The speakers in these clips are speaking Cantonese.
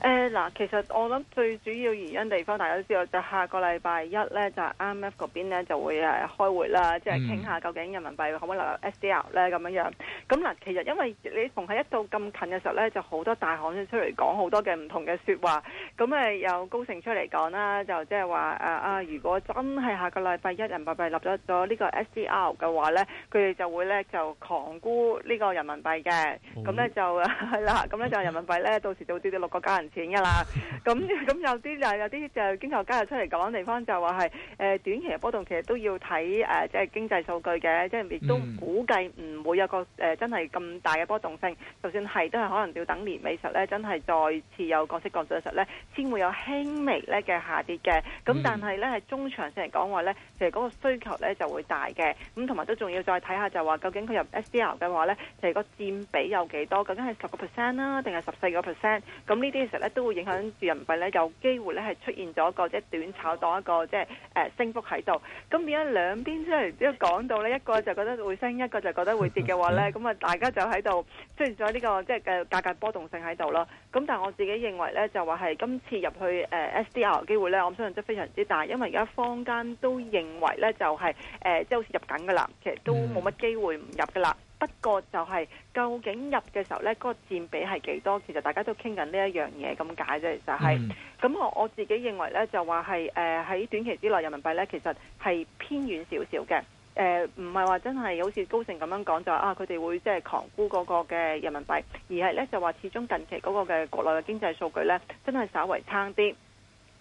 嗱、呃，其實我諗最主要原因地方大家都知道，就係、下個禮拜一咧就係、係、IMF 嗰邊咧就會係開會啦，即係傾下究竟人民幣可唔可以納入 SDR 咧咁樣樣。咁、嗯、嗱，其實因為你逢係一到咁近嘅時候咧，就好多大行出嚟講好多嘅唔同嘅說話。咁誒，有高盛出嚟講啦，就即係話啊，如果真係下個禮拜一人民幣立咗咗呢個 SDR 嘅話咧，佢哋就會咧就狂沽呢個人民幣嘅。咁咧、哦、就係啦，咁咧就人民幣咧到時就會到六個家人錢嘅啦，咁咁 有啲就有啲就經濟學家又出嚟講嘅地方就話係、呃、短期嘅波動，其實都要睇即係經濟數據嘅，即係亦都估計唔會有個、呃、真係咁大嘅波動性。就算係，都係可能要等年尾實咧，真係再次有降息降準實咧，先會有輕微咧嘅下跌嘅。咁但係咧係中長線嚟講話咧，其實嗰個需求咧就會大嘅。咁同埋都仲要再睇下就話，究竟佢入 SDR 嘅話咧，其實個佔比有幾多？究竟係十個 percent 啦，定係十四個 percent？咁呢啲咧都會影響住人民幣咧，有機會咧係出現咗一個即係短炒當一個即係誒、呃、升幅喺度。咁變咗兩邊即係即係講到咧，一個就覺得會升，一個就覺得會跌嘅話咧，咁啊 大家就喺度出現咗呢個即係嘅價格波動性喺度咯。咁但係我自己認為咧，就話係今次入去誒 SDR 機會咧，我相信都非常之大，因為而家坊間都認為咧就係誒即係好似入緊㗎啦，其實都冇乜機會唔入㗎啦。嗯。不過就係、是、究竟入嘅時候呢嗰、那個佔比係幾多？其實大家都傾緊呢一樣嘢咁解啫，其實就係、是、咁、嗯、我我自己認為呢，就話係誒喺短期之內，人民幣呢其實係偏遠少少嘅誒，唔係話真係好似高盛咁樣講，就話啊佢哋會即係狂沽嗰個嘅人民幣，而係呢，就話始終近期嗰個嘅國內嘅經濟數據呢，真係稍為差啲。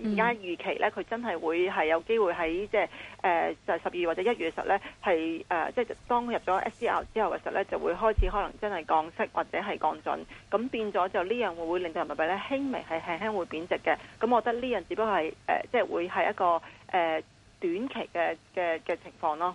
而家預期咧，佢真係會係有機會喺即係誒就係十二月或者一月嘅時候咧，係即係當入咗 SDR 之後嘅時候咧，就會開始可能真係降息或者係降準，咁變咗就呢樣會會令到人民幣咧輕微係輕輕會貶值嘅，咁我覺得呢樣只不過係即係會係一個、呃、短期嘅嘅嘅情況咯。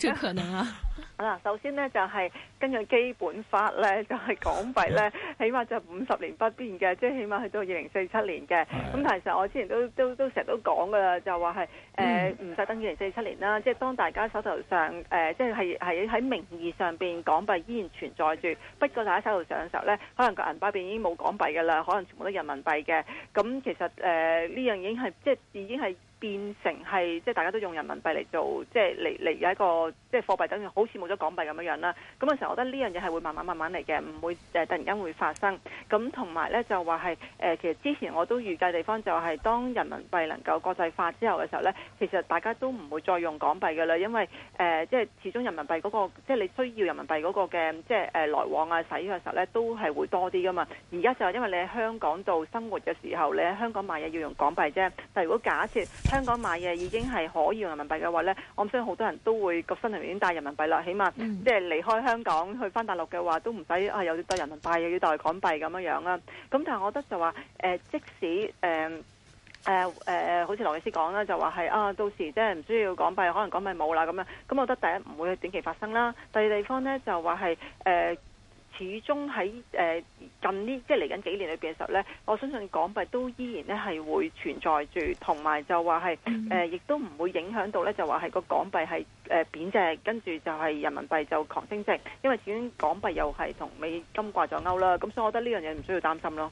最可能啊，首先呢就係、是、根據基本法咧，就係、是、港幣咧，起碼就五十年不變嘅，即、就、係、是、起碼去到二零四七年嘅。咁是的 但係其實我之前都都都成日都講噶啦，就話係誒唔使等二零四七年啦，嗯、即係當大家手頭上誒、呃、即係係喺喺名義上邊港幣依然存在住，不過大家手頭上嘅時候咧，可能個銀包入邊已經冇港幣噶啦，可能全部都人民幣嘅。咁其實誒呢、呃、樣已經係即係已經係。變成係即係大家都用人民幣嚟做，即係嚟嚟有一個即係貨幣等，等於好似冇咗港幣咁樣樣啦。咁嘅時候，我覺得呢樣嘢係會慢慢慢慢嚟嘅，唔會誒突然間會發生。咁同埋咧就話係誒，其實之前我都預計的地方就係、是、當人民幣能夠國際化之後嘅時候咧，其實大家都唔會再用港幣㗎啦，因為誒、呃、即係始終人民幣嗰、那個即係你需要人民幣嗰個嘅即係誒來往啊、使嘅時候咧，都係會多啲噶嘛。而家就係因為你喺香港度生活嘅時候，你喺香港買嘢要用港幣啫。但係如果假設香港買嘢已經係可以用人民幣嘅話呢，我唔相信好多人都會個身嚟已經帶人民幣啦。起碼即係離開香港去翻大陸嘅話，都唔使啊又要帶人民幣，又要帶，帶港幣咁樣樣啦。咁、啊、但係我覺得就話、呃、即使誒誒誒，好似羅老師講啦，就話係啊，到時即係唔需要港幣，可能港幣冇啦咁樣。咁我覺得第一唔會短期發生啦。第二地方呢就話係誒。呃始終喺誒近呢，即係嚟緊幾年裏邊嘅時候呢，我相信港幣都依然呢係會存在住，同埋就話係誒，亦、呃、都唔會影響到呢，就話係個港幣係誒貶值，跟住就係人民幣就狂升值，因為始終港幣又係同美金掛咗鈎啦，咁所以我覺得呢樣嘢唔需要擔心咯。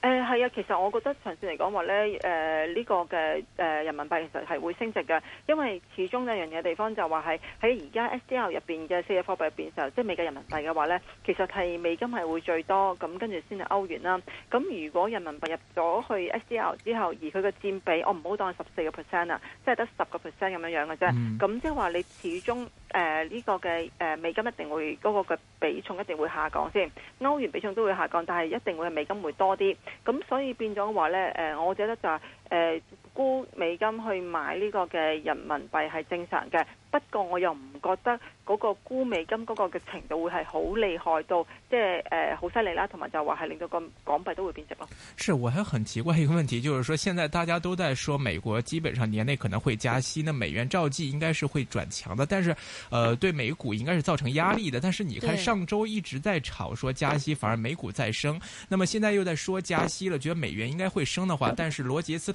誒係啊，其實我覺得長線嚟講話咧，誒、呃、呢、這個嘅誒、呃、人民幣其實係會升值嘅，因為始終有樣嘢地方就話係喺而家 S D L 入邊嘅四隻貨幣入邊嘅時候，即係未計人民幣嘅話咧，其實係美金係會最多，咁跟住先係歐元啦。咁如果人民幣入咗去 S D L 之後，而佢嘅佔比，我唔好當係十四個 percent 啊，即係得十個 percent 咁樣樣嘅啫。咁、嗯、即係話你始終。誒呢、呃這個嘅誒、呃、美金一定會嗰、那個嘅比重一定會下降先，歐元比重都會下降，但係一定會美金會多啲，咁所以變咗嘅話咧，誒、呃、我覺得就係、是。誒沽、呃、美金去買呢個嘅人民幣係正常嘅，不過我又唔覺得嗰個沽美金嗰個嘅程度會係好厲害到，即係誒好犀利啦，同、呃、埋就話係令到個港幣都會貶值咯。是，我係很奇怪一個問題，就是說現在大家都在說美國基本上年內可能會加息，那美元照計應該是會轉強的，但是，呃，對美股應該是造成壓力的。但是你看，上周一直在炒說加息反而美股在升，對那麼現在又在說加息了，覺得美元應該會升的話，但是羅傑斯。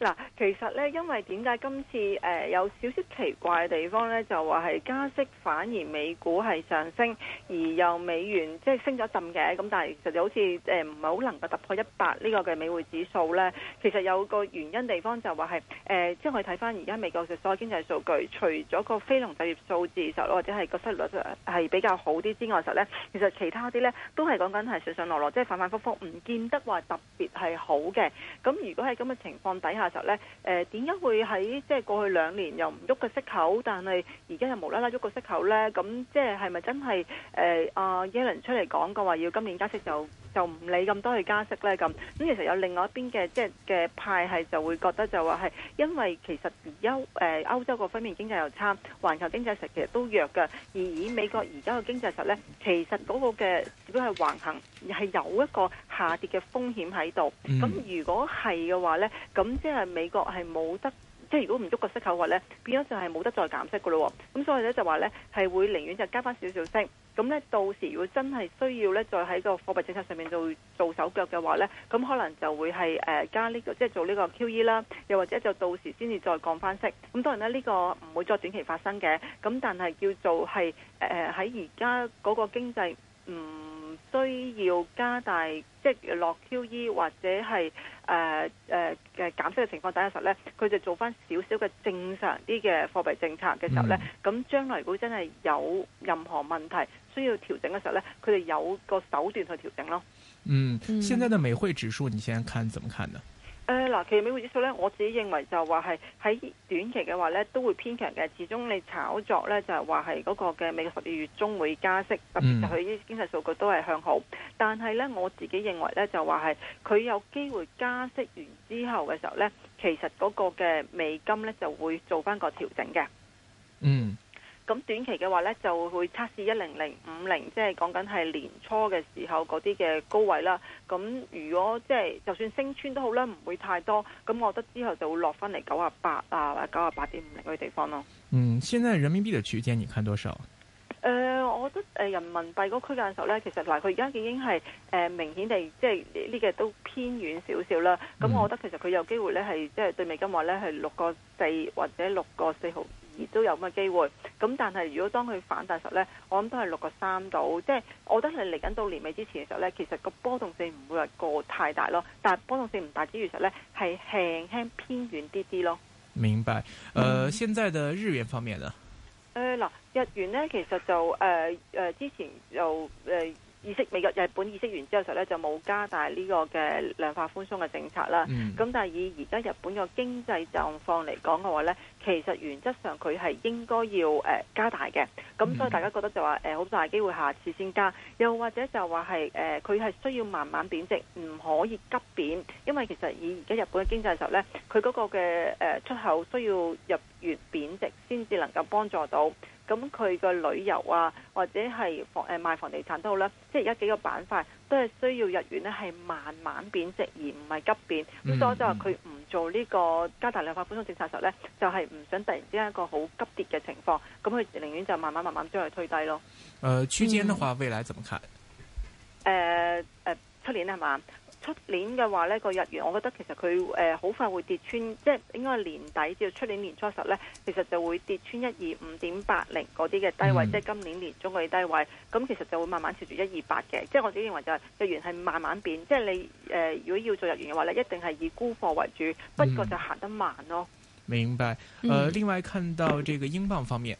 嗱，其實咧，因為點解今次誒、呃、有少少奇怪嘅地方咧，就話係加息反而美股係上升，而又美元即係、就是、升咗浸嘅，咁但係其實就好似誒唔係好能夠突破一百呢個嘅美匯指數咧。其實有個原因的地方就話係誒，即係我睇翻而家美國嘅所有經濟數據，除咗個非農就業數字實或者係個失業率係比較好啲之外的，實咧其實其他啲咧都係講緊係上上落落，即、就、係、是、反反覆覆，唔見得話特別係好嘅。咁如果喺咁嘅情況底下，時候咧，誒，點解會喺即係過去兩年又唔喐個息口，但係而家又無啦啦喐個息口咧？咁即係係咪真係誒啊？耶倫出嚟講過話，要今年加息就？就唔理咁多去加息咧，咁，咁其實有另外一邊嘅即係嘅派系就會覺得就話係因為其實而歐誒、呃、歐洲個方面經濟又差，環球經濟實其實都弱嘅，而以美國而家嘅經濟實咧，其實嗰個嘅只不過係橫行，係有一個下跌嘅風險喺度。咁、嗯、如果係嘅話咧，咁即係美國係冇得。即係如果唔捉個息口話咧，變咗就係冇得再減息噶咯喎。咁所以咧就話咧係會寧願就加翻少少息。咁咧到時如果真係需要咧再喺個貨幣政策上面做做手腳嘅話咧，咁可能就會係誒加呢個即係做呢個 QE 啦。又或者就到時先至再降翻息。咁當然呢，呢個唔會再短期發生嘅。咁但係叫做係誒喺而家嗰個經濟唔。嗯需要加大即係、就、落、是、QE 或者係誒誒嘅減息嘅情況底下嘅時候咧，佢就做返少少嘅正常啲嘅貨幣政策嘅時候咧，咁將、嗯、來如果真係有任何問題需要調整嘅時候咧，佢哋有個手段去調整咯。嗯，現在嘅美匯指數，你先看怎麼看呢？誒嗱，其實美匯指數咧，我自己認為就話係喺短期嘅話咧，都會偏強嘅。始終你炒作咧，就係話係嗰個嘅美國十二月中會加息，特別佢啲經濟數據都係向好。但係咧，我自己認為咧，就話係佢有機會加息完之後嘅時候咧，其實嗰個嘅美金咧就會做翻個調整嘅。咁短期嘅話咧，就會測試一零零五零，即係講緊係年初嘅時候嗰啲嘅高位啦。咁如果即係、就是、就算升穿都好啦，唔會太多。咁我覺得之後就會落翻嚟九啊八啊或者九啊八點五零嗰啲地方咯。嗯，現在人民幣嘅區間你看多少？誒、呃，我覺得誒人民幣嗰個區間嘅時候咧，其實嗱，佢而家已經係誒、呃、明顯地即係呢、這個都偏遠少少啦。咁、嗯、我覺得其實佢有機會咧係即係對美金話咧係六個四或者六個四毫。亦都有咁嘅機會，咁但係如果當佢反彈實咧，我諗都係六個三度，即係我覺得係嚟緊到年尾之前嘅時候咧，其實個波動性唔會話過太大咯，但係波動性唔大之餘，其實咧係輕輕偏遠啲啲咯。明白，誒、呃，嗯、現在的日元方面咧，誒嗱、呃，日元咧其實就誒誒、呃呃、之前就誒。呃意識美日本意識完之後，時候咧就冇加大呢個嘅量化寬鬆嘅政策啦。咁、嗯、但係以而家日本嘅經濟狀況嚟講嘅話咧，其實原則上佢係應該要誒加大嘅。咁所以大家覺得就話誒好大機會下次先加，又或者就話係誒佢係需要慢慢貶值，唔可以急貶，因為其實以而家日本嘅經濟時候，咧，佢嗰個嘅誒出口需要日元貶值先至能夠幫助到。咁佢嘅旅遊啊，或者係房誒賣、呃、房地產都好啦，即係而家幾個板塊都係需要日元咧係慢慢貶值，而唔係急貶。咁所以就話佢唔做呢個加大量化寬鬆政策嘅時候咧，就係、是、唔想突然之間一個好急跌嘅情況，咁佢寧願就慢慢慢慢將佢推低咯。誒、呃，區間嘅話，嗯、未來怎麼看？誒誒、呃，出、呃、年啦，係嘛？出年嘅話呢、呢個日元，我覺得其實佢誒好快會跌穿，即係應該係年底至到出年年初十呢，其實就會跌穿一二五點八零嗰啲嘅低位，嗯、即係今年年中嗰啲低位。咁其實就會慢慢朝住一二八嘅，即係我自己認為就係日元係慢慢變。即係你誒、呃，如果要做日元嘅話咧，一定係以沽貨為主，不過就行得慢咯。嗯、明白。誒、呃，另外看到這個英鎊方面，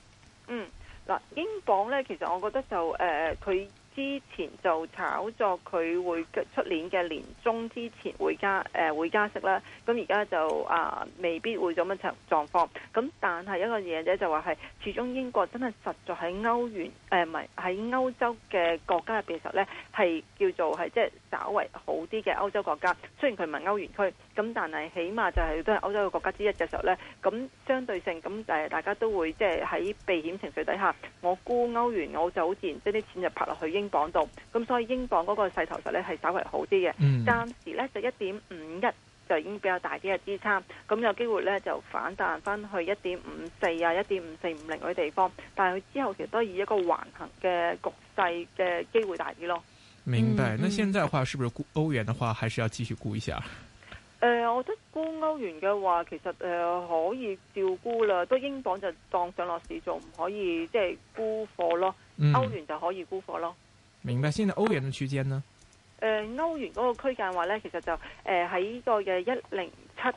嗯，嗱，英鎊呢，其實我覺得就誒佢。呃之前就炒作佢會出年嘅年中之前會加誒會加息啦，咁而家就啊未必會有咁嘅情狀況。咁但係一個嘢咧就話係始終英國真係實在喺歐元誒唔係喺歐洲嘅國家入邊嘅時候咧，係叫做係即係稍為好啲嘅歐洲國家。雖然佢唔係歐元區，咁但係起碼就係都係歐洲嘅國家之一嘅時候咧，咁相對性咁誒大家都會即係喺避險情緒底下，我沽歐元，我就好自然即啲錢就泊落去英英鎊度，咁所以英鎊嗰個勢頭實咧係稍為好啲嘅。嗯、暫時咧就一點五一就已經比較大啲嘅支撐，咁有機會咧就反彈翻去一點五四啊、一點五四五零嗰啲地方。但係佢之後其實都以一個橫行嘅局勢嘅機會大啲咯。明白。那現在的話，是不是估歐元嘅話，還是要繼續估一下？誒、呃，我覺得估歐元嘅話，其實誒、呃、可以照估啦。都英鎊就當上落市做，唔可以即係沽貨咯。嗯、歐元就可以沽貨咯。明白，先係歐元嘅區間呢。誒歐元嗰個區間話咧，其實就誒喺個嘅一零七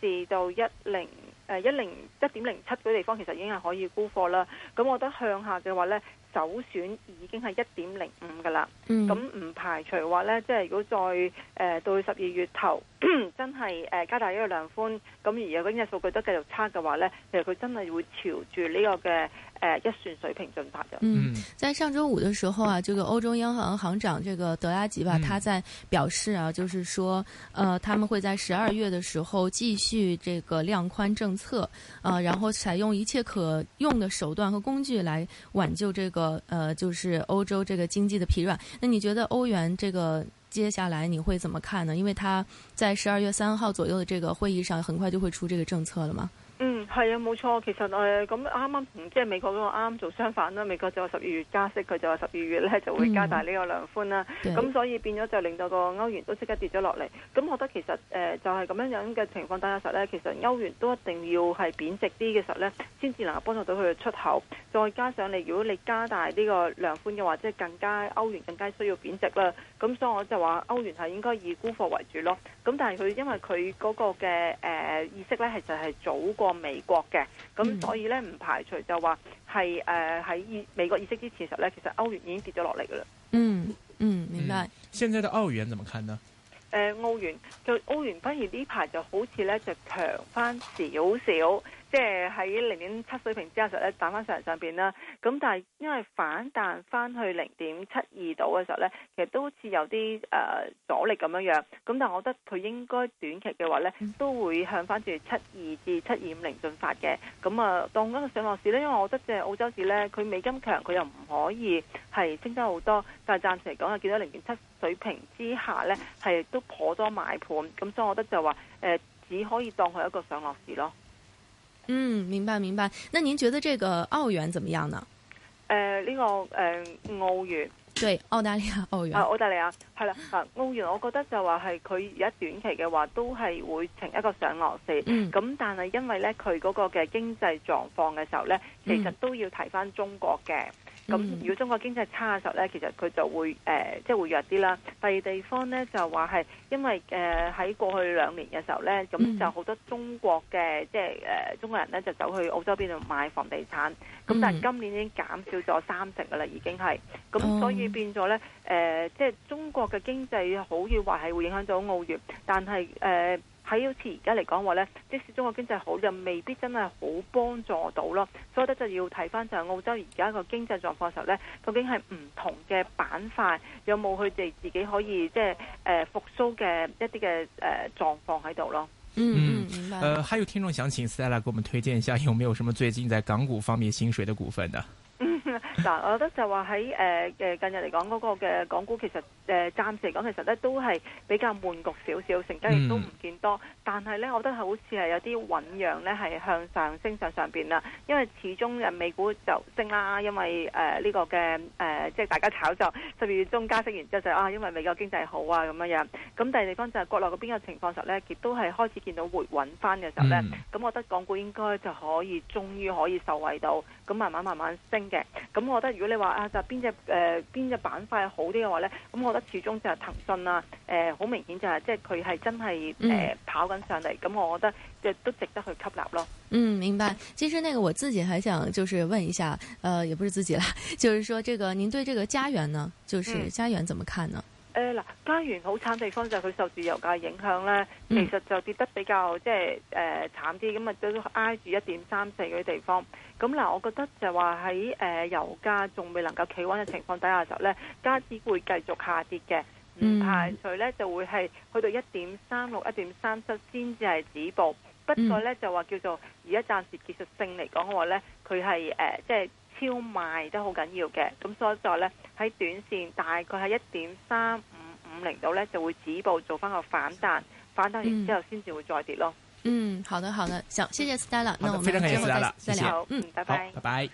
至到一零誒一零一點零七嗰地方，其實已經係可以沽貨啦。咁我覺得向下嘅話咧，首選已經係一點零五噶啦。嗯。咁唔排除的話咧，即係如果再誒到十二月頭。 真係誒、呃、加大呢個量寬，咁而有嗰啲數據都繼續差嘅話呢，其佢真係會朝住呢個嘅誒、呃、一算水平進發嘅。嗯，在上周五嘅時候啊，這個歐洲央行行長這個德拉吉吧，他在表示啊，就是說，呃，他們會在十二月嘅時候繼續這個量寬政策，啊、呃，然後採用一切可用的手段和工具來挽救這個，呃，就是歐洲這個經濟的疲軟。那你覺得歐元這個？接下來你會怎麼看呢？因為他在十二月三號左右的這個會議上，很快就會出這個政策了嘛。係啊，冇錯，其實誒咁啱啱同即係美國嗰個啱啱做相反啦，美國就話十二月加息，佢就話十二月咧就會加大呢個量寬啦，咁、嗯、所以變咗就令到個歐元都即刻跌咗落嚟。咁我覺得其實誒就係咁樣樣嘅情況底下，大家實咧其實歐元都一定要係貶值啲嘅時候咧，先至能夠幫助到佢嘅出口。再加上你如果你加大呢個量寬嘅話，即係更加歐元更加需要貶值啦。咁所以我就話歐元係應該以沽貨為主咯。咁但係佢因為佢嗰個嘅誒意識咧，係就係早過美國嘅，咁所以咧唔排除就話係誒喺美美國意識之前嘅時候咧，其實歐元已經跌咗落嚟噶啦。嗯嗯，明白。現在的澳元怎麼看呢？誒澳元就澳元，不如呢排就好似咧就強返少少。即係喺零點七水平之下時候咧，打翻上嚟上邊啦。咁但係因為反彈翻去零點七二度嘅時候咧，其實都好似有啲誒、呃、阻力咁樣樣。咁但係我覺得佢應該短期嘅話咧，都會向翻住七二至七二五零進發嘅。咁啊，當嗰個上落市咧，因為我覺得即係澳洲市咧，佢美金強，佢又唔可以係升得好多。但係暫時嚟講啊，見到零點七水平之下咧，係都頗多買盤。咁所以，我覺得就話誒、呃，只可以當佢一個上落市咯。嗯，明白明白。那您覺得這個澳元怎麼樣呢？誒呢、呃這個誒、呃、澳元，對，澳大利亞澳元，啊，澳大利亞係啦。嗱，澳元，我覺得就話係佢而家短期嘅話，都係會呈一個上落市。嗯。咁但係因為咧，佢嗰個嘅經濟狀況嘅時候咧，其實都要睇翻中國嘅。咁、嗯、如果中國經濟差嘅時候咧，其實佢就會誒即係會弱啲啦。第二地方咧就話係因為誒喺、呃、過去兩年嘅時候咧，咁、嗯、就好多中國嘅即係誒中國人咧就走去澳洲邊度買房地產。咁、嗯、但係今年已經減少咗三成㗎喇，已經係。咁所以變咗咧誒，即係、嗯呃即係、中國嘅經濟好與壞係會影響到澳元，但係誒。呃喺好似而家嚟講話咧，即使中國經濟好，又未必真係好幫助到咯。所以咧就要睇翻就係澳洲而家個經濟狀況嘅時候咧，究竟係唔同嘅板塊有冇佢哋自己可以即係誒復甦嘅一啲嘅誒狀況喺度咯。嗯，明、嗯、白。誒、嗯呃，還有聽眾想請 Stella 給我們推薦一下，有沒有什麼最近在港股方面薪水的股份呢？嗱、 啊，我覺得就話喺誒近日嚟講，嗰個嘅港股其實誒、呃、暫時嚟講，其實咧都係比較悶局少少，成交亦都唔見多。但係咧，我覺得好似係有啲醞釀咧，係向上升上上邊啦。因為始終誒美股就升啦，因為誒呢、呃這個嘅誒、呃、即係大家炒作十二月中加息完之後，就、就是、啊因為美國經濟好啊咁樣樣。咁第二地方就係國內嘅邊個情況時候咧，亦都係開始見到回穩返嘅時候咧，咁、嗯、我覺得港股應該就可以終於可以受惠到，咁慢慢慢慢升嘅。咁我覺得如果你話啊就邊隻誒邊隻板塊好啲嘅話咧，咁我覺得始終就係騰訊啊，誒好明顯就係即係佢係真係誒跑緊上嚟，咁我覺得即係都值得去吸納咯。嗯，明白。其實那個我自己還想就是問一下，呃，也不是自己啦，就是說這個您對這個家園呢，就是家園怎麼看呢？誒嗱，加元好慘地方就係、是、佢受住油價影響咧，其實就跌得比較即係誒慘啲，咁啊都挨住一點三四嘅地方。咁嗱，我覺得就話喺誒油價仲未能夠企穩嘅情況底下就咧，加元會繼續下跌嘅，唔排除咧就會係去到一點三六、一點三七先至係止步。不過咧就話叫做而家暫時技術性嚟講嘅話咧，佢係誒即係。呃就是超賣都好緊要嘅，咁所以就咧喺短線大概係一點三五五零度咧就會止步做翻個反彈，反彈完之後先至會再跌咯。嗯，好的好的，好，謝謝 Stella，那我們之後再再聊，嗯，拜拜，拜拜。